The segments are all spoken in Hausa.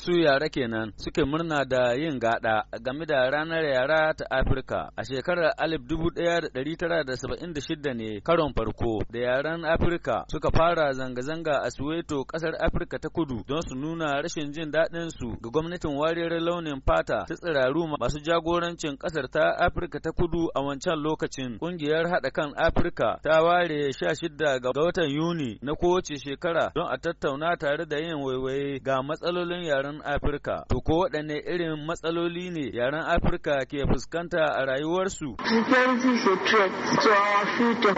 Wasu yara kenan suke murna da yin gada game da ranar yara ta Afirka a shekarar 1976 ne karon farko da yaren Afirka suka fara zanga-zanga a Soweto kasar Afirka ta kudu don su nuna rashin jin daɗin su ga gwamnatin wariyar launin fata ta tsiraru masu jagorancin kasar ta Afirka ta kudu a wancan lokacin ƙungiyar haɗa kan Afirka ta ware 16 ga watan Yuni na kowace shekara don a tattauna tare da yin waiwaye ga matsalolin yaren yaren Afirka. To ko waɗanne irin matsaloli ne yaren Afirka ke fuskanta a rayuwarsu?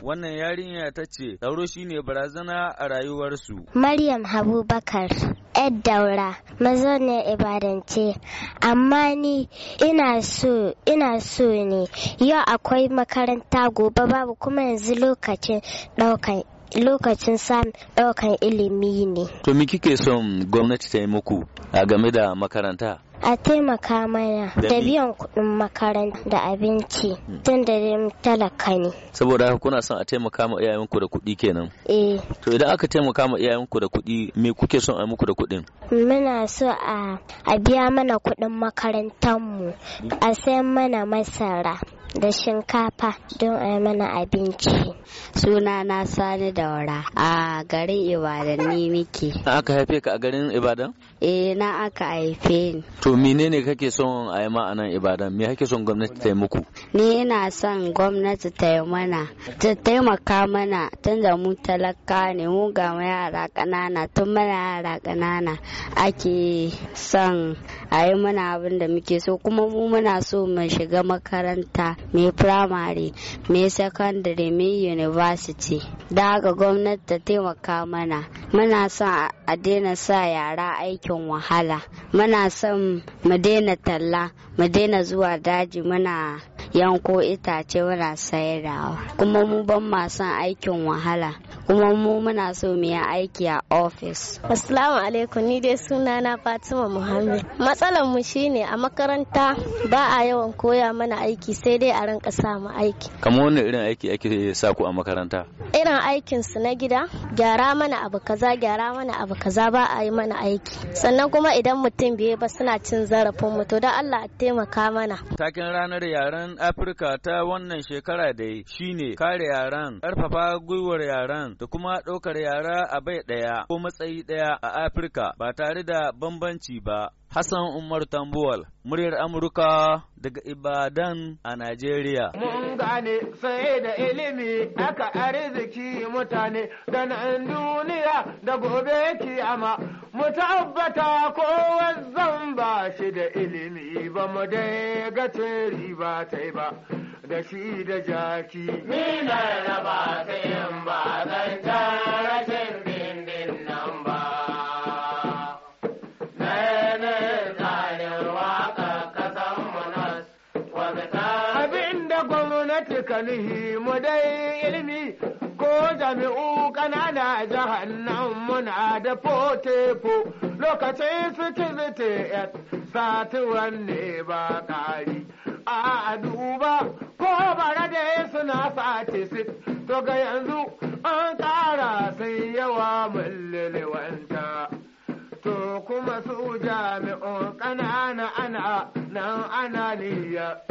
Wannan yarinya ta ce tsaro shine barazana a rayuwarsu. Maryam Habubakar. ‘Yar daura, ibadance Ibadan ce, amma ni ina so, ina so ne, yau akwai makaranta gobe babu kuma yanzu lokacin ɗaukan lokacin samun ɗaukan ilimi ne. To me kike son gwamnati ta yi muku a game da makaranta? a taimaka mana da biyan kuɗin makaranta da abinci tun da talaka ne. Saboda haka kuna son a taimaka ma iyayenku da kuɗi kenan? Eh. To idan aka taimaka ma iyayenku da kuɗi me kuke son a muku da kuɗin? Muna so a biya mana kuɗin makarantarmu a sayan mana masara. da shinkafa don a yi mana abinci. Suna na Sani Daura a garin Ibadan ne muke. Aka haife ka a garin Ibadan? Eh na aka haife ni. To menene kake son a yi ma'anan Ibadan? Me kake son gwamnati ta yi muku? Ni ina son gwamnati ta yi mana, ta taimaka mana tun da mu talaka ne mu ga yara ƙanana tun mana yara ƙanana ake son a yi mana abin da muke so kuma mu muna so mu shiga makaranta mai firamare mai sakandare mai university da haka gwamnati ta taimaka mana muna son a daina sa yara aikin wahala muna son mu daina talla mu daina zuwa daji muna yanko itace muna sayarwa kuma mu ban ma son aikin wahala kuma mu muna so mu yi aiki a ofis. Assalamu alaikum ni dai suna na Fatima Muhammad. Matsalar mu shine a makaranta ba a yawan koya mana aiki sai dai a rinka sa mu aiki. Kamar wani irin aiki ake sa ku a makaranta? irin su na gida gyara mana abu kaza gyara mana abu kaza ba a yi mana aiki sannan kuma idan mutum biye ba suna cin zarafin mu to da Allah a taimaka mana takin ranar yaren Afirka ta wannan shekara da shine kare yaran karfafa gwiwar yaran da kuma ɗaukar yara a bai ɗaya ko matsayi ɗaya a Afirka ba tare da bambanci ba Hassan Umar Tambuwal, muryar Amurka daga Ibadan a Najeriya. Mun gane sai da ilimi aka arziki mutane da nan duniya da gobe kiyama mu tabbata kowa zan ba shi da ilimi ba mu dai ga ba ta ba da shi da jaki. Ni na raba ta yin ba Abinda gwamnati ka nuhi mu dai ilimi ko jami'u ƙanana jahannan muna da fotefo lokacin sitiviti sati ne ba ƙari. A duba ko bara da suna sati sit to ga yanzu an ƙara sai yawa mullilwanta. To kuma su jami'un ƙanana ana nan ananiya